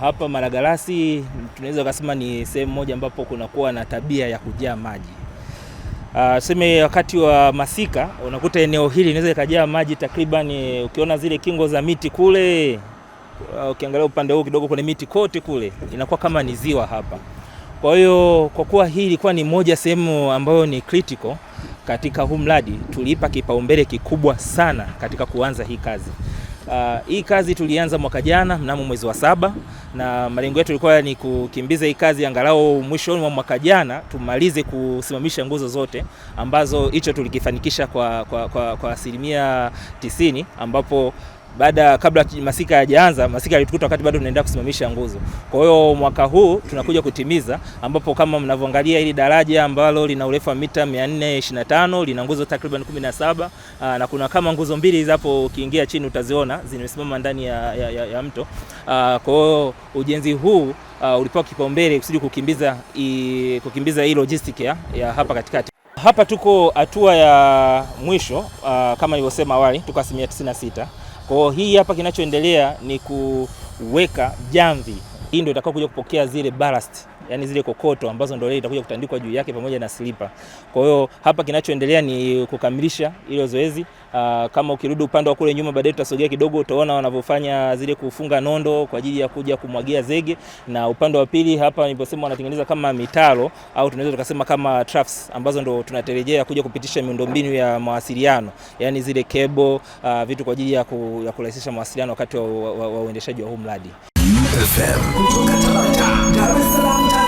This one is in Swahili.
Hapa maragarasi tunaweza kusema ni sehemu moja ambapo kunakuwa na tabia ya kujaa maji. Uh, ah, seme wakati wa masika unakuta eneo hili inaweza ikajaa maji takriban, eh, ukiona zile kingo za miti kule, uh, ukiangalia upande huu kidogo kuna miti kote kule inakuwa kama ni ziwa hapa. Kwa hiyo kwa kuwa hii ilikuwa ni moja sehemu ambayo ni critical katika huu mradi, tuliipa kipaumbele kikubwa sana katika kuanza hii kazi. Uh, hii kazi tulianza mwaka jana mnamo mwezi wa saba na malengo yetu ilikuwa ni kukimbiza hii kazi angalau mwishoni mwa mwaka jana tumalize kusimamisha nguzo zote, ambazo hicho tulikifanikisha kwa asilimia kwa, kwa, kwa 90 ambapo baada kabla masika hayajaanza, masika alitukuta wakati bado tunaendelea kusimamisha nguzo. Kwa hiyo mwaka huu tunakuja kutimiza, ambapo kama mnavyoangalia hili daraja ambalo lina urefu wa mita 425 lina nguzo takriban 17 ah, na kuna kama nguzo mbili zapo, ukiingia chini utaziona zimesimama ndani ya, ya, ya, ya mto. Ah, kwa hiyo ujenzi huu uh, ulipewa kipaumbele kusudi kukimbiza i, kukimbiza hii logistics ya, ya hapa katikati hapa tuko hatua ya mwisho uh, kama nilivyosema awali tuko asilimia 96. Kwa hiyo hii hapa kinachoendelea ni kuweka jamvi, hii ndio itakayokuja kupokea zile ballast yani zile kokoto ambazo ndio ile itakuja kutandikwa juu yake pamoja na slipa. Kwa hiyo hapa kinachoendelea ni kukamilisha hilo zoezi. Aa, ah, kama ukirudi upande wa kule nyuma baadaye tutasogea kidogo, utaona wanavyofanya zile kufunga nondo kwa ajili ya kuja kumwagia zege, na upande wa pili hapa niliposema wanatengeneza kama mitaro au tunaweza tukasema kama troughs ambazo ndio tunatarejea kuja kupitisha miundombinu ya mawasiliano, yani zile kebo, uh, ah, vitu kwa ajili ya, ku, ya kurahisisha mawasiliano wakati wa uendeshaji wa, wa, wa huu mradi. Paris a long time.